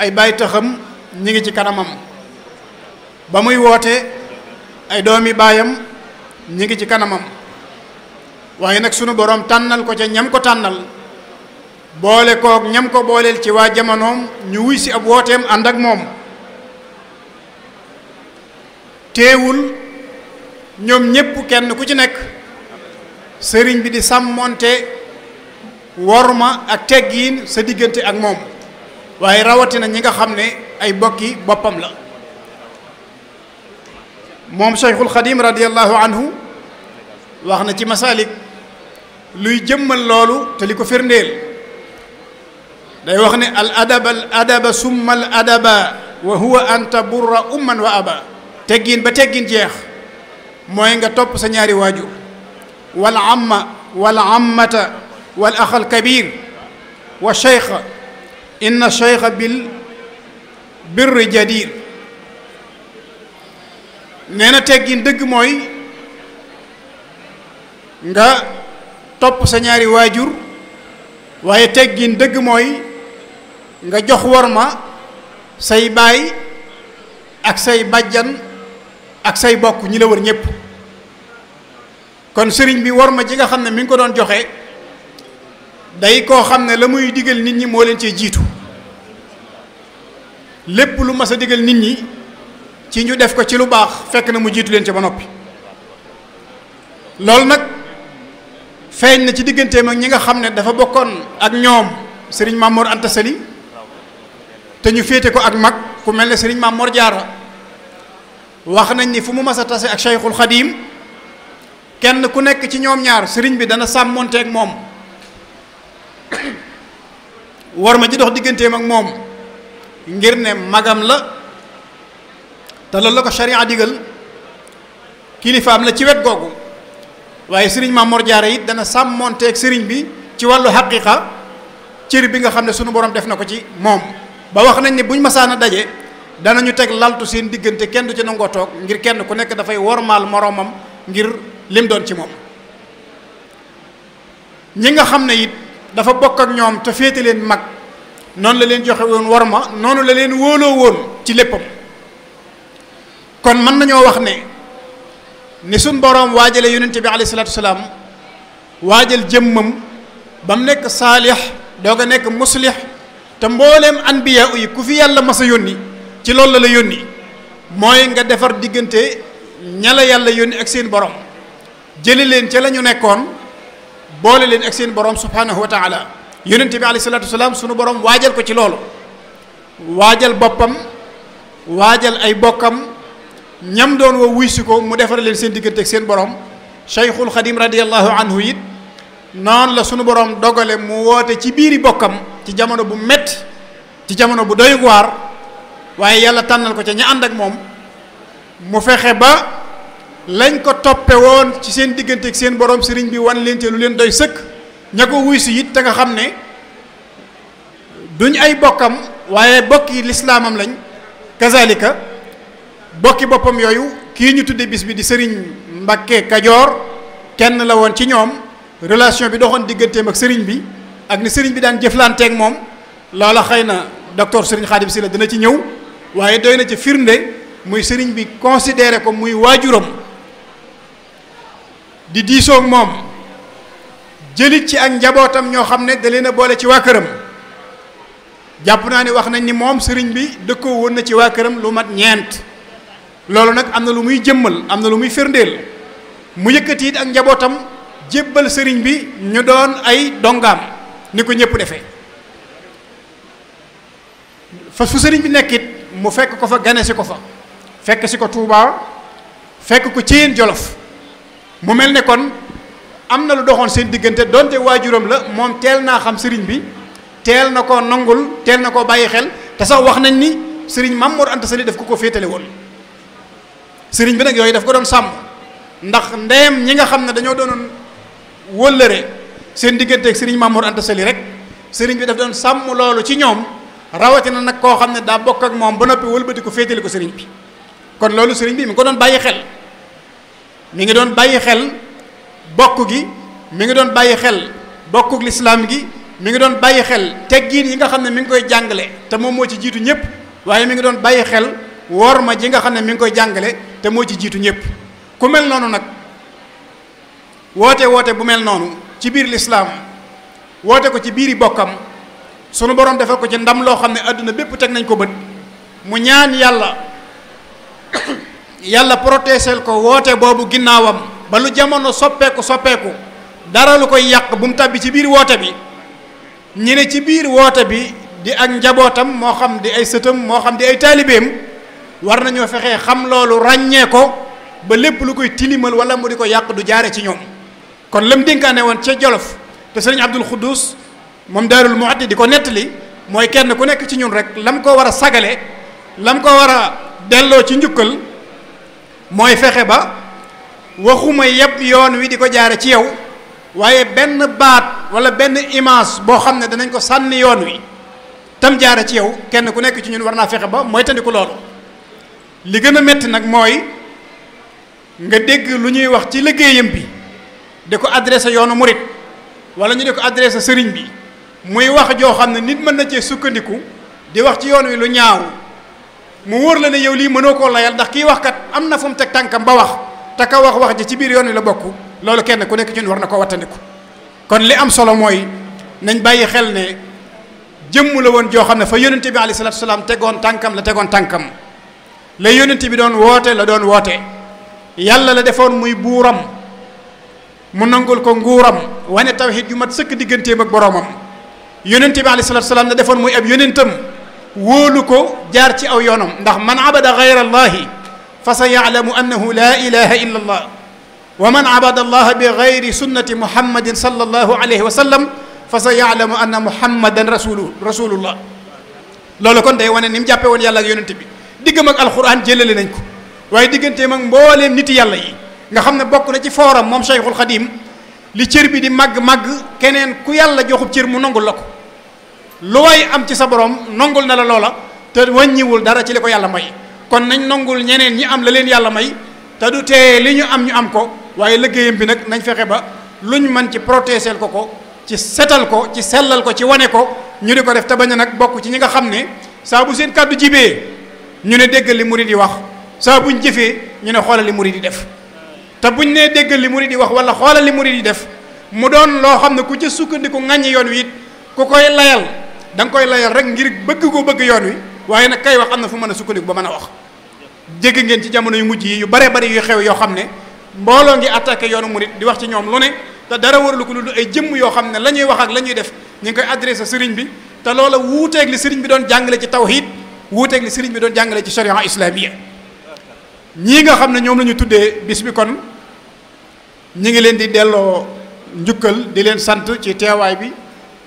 ay baay taxam ñi ngi ci kanamam ba muy woote ay doomi baayam ñi ngi ci kanamam waaye nag sunu boroom tànnal ko ca ñam ko tànnal boole koog ñam ko booleel ci waa jamonoom ñu wuy si ab wooteem ànd ak moom teewul ñoom ñépp kenn ku ci nekk sëriñ bi di sàmmonte worma ak teggiin sa diggante ak moom waaye rawatina ñi nga xam ne ay bokki boppam la moom Cheikhul Xadim radiyallahu anhu wax na ci masaalik luy jëmmal loolu te li ko firndeel day wax ne al adaba al adaba summa adaba wa huwa an taburra umman wa aba teggin ba teggin jeex mooy nga topp sa ñaari waajur wal amma wal ammata wal axal kabir wa cheikha inna cheikha bil birri jadir nee na teggin dëgg mooy nga topp sa ñaari waajur waaye teggin dëgg mooy nga jox worma say baay ak say bàjjan ak say bokk ñi la wër ñépp kon sëriñ bi ma ci nga xam ne mi ngi ko doon joxe day koo xam ne la muy digal nit ñi moo leen cee jiitu lépp lu mas a digal nit ñi ci ñu def ko ci lu baax fekk na mu jiitu leen ci ba noppi loolu nag feeñ na ci digganteem ak ñi nga xam ne dafa bokkoon ak ñoom sëriñ Mamour Anta Sali te ñu féete ko ak mag ku mel ne sëriñ Mamour Diarra wax nañ ni fu mu mas a tase ak Cheikhul Khadim kenn ku nekk ci ñoom ñaar sëriñ bi dana sàmmonteeg moom war ma ji dox digganteem ak moom. ngir ne magam la te loolu la ko sharia digal kilifaam la ci wet googu waaye sëriñ Mamor Jaara it dana sàmmonteeg sëriñ bi ci wàllu xaqiqa cër bi nga xam ne sunu boroom def na ko ci moom ba wax nañ ne buñ masaan a daje danañu teg laltu seen diggante kenn du ci nangoo toog ngir kenn ku nekk dafay wormaal moroomam ngir lim doon ci moom ñi nga xam ne it dafa bokk ak ñoom te féete leen mag noonu la leen joxe woon war ma noonu la leen wóoloo woon ci léppam kon mën nañoo wax ne ni suñ boroom waajale yonente bi alayhi salaatu salaam waajal jëmmam ba mu nekk saalix doog a nekk muslix te mbooleem anbiya yi ku fi yàlla mas a yónni ci loolu la la yónni mooy nga defar diggante ñala yàlla yónni ak seen borom jëli leen ca la ñu nekkoon boole leen ak seen borom subhanahu wa taala yonente bi alayhi salaatu salaam sunu borom waajal ko ci loolu waajal boppam waajal ay bokkam ñam doon woo wuy si ko mu defar leen seen diggante seen borom cheikhul xadim radiallahu anhu it noonu la sunu borom dogale mu woote ci biiri bokkam ci jamono bu metti ci jamono bu doy waar waaye yàlla tànnal ko ca ña ànd ak moom mu fexe ba lañ ko toppe woon ci seen diggante seen borom sëriñ bi wan leen te lu leen doy sëkk ña ko wuy si it te nga xam ne duñ ay bokkam waaye bokki lislaamam lañ kazalika bokki boppam yooyu kii ñu tudde bis bi di sëriñ Mbakke Kajoor kenn la woon ci ñoom relation bi doxoon digganteem ak sëriñ bi ak ni sëriñ bi daan jëflanteeg moom loola xëy na docteur sëriñ Xaadim si la dina ci ñëw waaye doy na ci firnde muy sëriñ bi considéré ko muy waajuram di diisoog moom jëlit ci ak njabootam ñoo xam ne da na boole ci waa këram jàpp naa ne wax nañ ni moom sëriñ bi dëkkoo woon na ci waa këram lu mat ñeent loolu nag am na lu muy jëmmal am na lu muy firndeel mu yëkkati ak njabootam jébbal sëriñ bi ñu doon ay dongaam ni ko ñëpp defe fa fu sëriñ bi nekkit mu fekk ko fa gane si ko fa fekk si ko Touba fekk ko ci yéen Jolof mu mel ne kon am na lu doxoon seen diggante donte waajuram la moom teel naa xam sëriñ bi teel na koo nangul teel na koo bàyyi xel te sax wax nañ ni sëriñ Maam Mor daf ko ko féetale woon sëriñ bi nag yooyu daf ko doon sàmm ndax ndeyam ñi nga xam ne dañoo doonoon wëllëre seen digganteeg sëriñ Maam Mor Anta Sali rek sëriñ bi daf doon sàmm loolu ci ñoom rawatina nag koo xam ne daa bokk ak moom ba noppi wëlbati ko féetale ko sëriñ bi kon loolu sëriñ bi mi ngi ko doon bàyyi xel mi ngi doon bàyyi xel. bokk gi mi ngi doon bàyyi xel bokkuk lislaam gi mi ngi doon bàyyi xel teggiin yi nga xam ne mi ngi koy jàngale te moom moo ci jiitu ñëpp waaye mi ngi doon bàyyi xel woor ma ji nga xam ne mi ngi koy jàngale te moo ci jiitu ñëpp ku mel noonu nag woote woote bu mel noonu ci biir lislaam woote ko ci biir yi bokkam sunu borom defal ko ci ndam loo xam ne àdduna bépp teg nañ ko bët mu ñaan yàlla yàlla protégeel ko woote boobu ginnaawam ba lu jamono soppeeku soppeeku dara lu koy yàq bu mu tàbbi ci biir woote bi ñi ne ci biir woote bi di ak njabootam moo xam di ay sëtam moo xam di ay taalibeem war ñoo fexe xam loolu ràññee ko ba lépp lu koy tilimal wala mu di ko yàq du jaare ci ñoom kon lam dénkaane woon ca Jolof te sëriñ Abdul Xuddus moom Daarul Muxti di ko nettali mooy kenn ku nekk ci ñun rek lam ko war a sagale lam ko war a delloo ci njukkal mooy fexe ba waxuma yëpp yoon wi di ko jaare ci yow waaye benn baat wala benn image boo xam ne danañ ko sànni yoon wi tam jaare ci yow kenn ku nekk ci ñun war naa fexe ba mooy tandiku loolu li gën a métti nag mooy nga dégg lu ñuy wax ci liggéeyam bi di ko adressé yoonu murit wala ñu di ko adressé sëriñ bi muy wax joo xam ne nit mën na cee sukkandiku di wax ci yoon wi lu ñaaw mu wóor la ne yow lii mënoo ko layal ndax kiy wax kat am na foom mu teg tànkam ba wax te ka wax wax ji ci biir yoon wi la bokk loolu kenn ku nekk ci war na ko wattandiku kon li am solo mooy nañ bàyyi xel ne jëmm la woon joo xam ne fa yónnente bi alayhi salaam tegoon la tegoon tànkam la yónnente bi doon woote la doon woote yàlla la defoon muy buuram mu nangul ko nguuram wane tawxiid yu mat sëkk digganteem ak boroomam yónnente bi alayhi salaatu salaam la defoon muy ab yónnentam wóolu ko jaar ci aw yoonam ndax man abada gayra allahi fa sa yaalamu annahu laa ilaha illa allah wa man abada allah bi gayri sunnati muhammadin sallallahu alayhi wa sallam fa sa yaalamu anna muhammadan rasulu la loolu kon day wane ni mu jàppe woon yàlla ak yonente bi diggam ak alquran jëlale nañ ko waaye digganteem mag mbooleem niti yàlla yi nga xam ne bokk na ci fooram moom Cheikhul Xadim li cër bi di màgg-màgg keneen ku yàlla joxub cër mu nongul la ko lu way am ci sa borom nongul na la loola te wàññiwul dara ci li ko yàlla may kon nañ nangul ñeneen ñi am la leen yàlla may te du tee li ñu am ñu am ko waaye liggéeyam bi nag nañ fexe ba lu ñu mën ci protéger ko ko ci seetal ko ci sellal ko ci wane ko ñu di ko def te bañ a nag bokk ci ñi nga xam ne saa bu seen kàddu jibee ñu ne déggal li murid di wax saa buñ jëfee ñu ne xoolal li murid di def te buñ nee déggal li murid di wax wala xoolal li murid di def mu doon loo xam ne ku ca sukkandiku ŋàññi yoon wi it ku koy layal da koy layal rek ngir bëgg ko bëgg yoon wi waaye nag kay wax am na fu mën a sukkandiku ba mën a wax jégg ngeen ci jamono yu mujj yi yu bare bari yu xew yoo xam ne mbooloo ngi attaqué yoonu murit di wax ci ñoom lu ne te dara waralu ko lu ay jëm yoo xam ne lañuy wax ak la ñuy def ñu ngi koy adressé sëriñ bi te loola wuuteeg li sëriñ bi doon jàngale ci tawhid wuuteeg li sëriñ bi doon jàngale ci charia islamiyya ñii nga xam ne ñoom la ñu tuddee bis bi kon ñi ngi leen di delloo njukkal di leen sant ci teewaay bi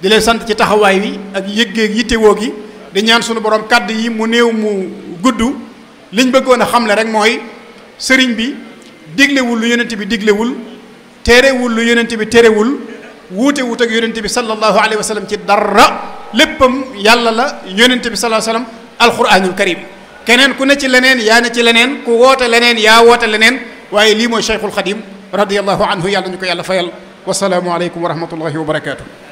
di leen sant ci taxawaay bi ak yëggee yittewoo gi di ñaan sunu borom kàddu yi mu néew mu gudd liñ bëggoon xam xamle rek mooy sëriñ bi diglewul lu yonent bi diglewul téerewul lu yonent bi téerewul wuute wuut ak yonent bi sallallahu alayhi wa sallam ci dara léppam yàlla la yonent bi sallallahu alayhi wa sallam alquranul karim keneen ku ne ci leneen yaa ne ci leneen ku woote leneen yaa woote leneen waaye lii mooy cheikhul xadim radiyallahu anhu yàlla ñu ko yàlla fayal wasalaamu aleykum wa rahmatullahi wa barakaatu.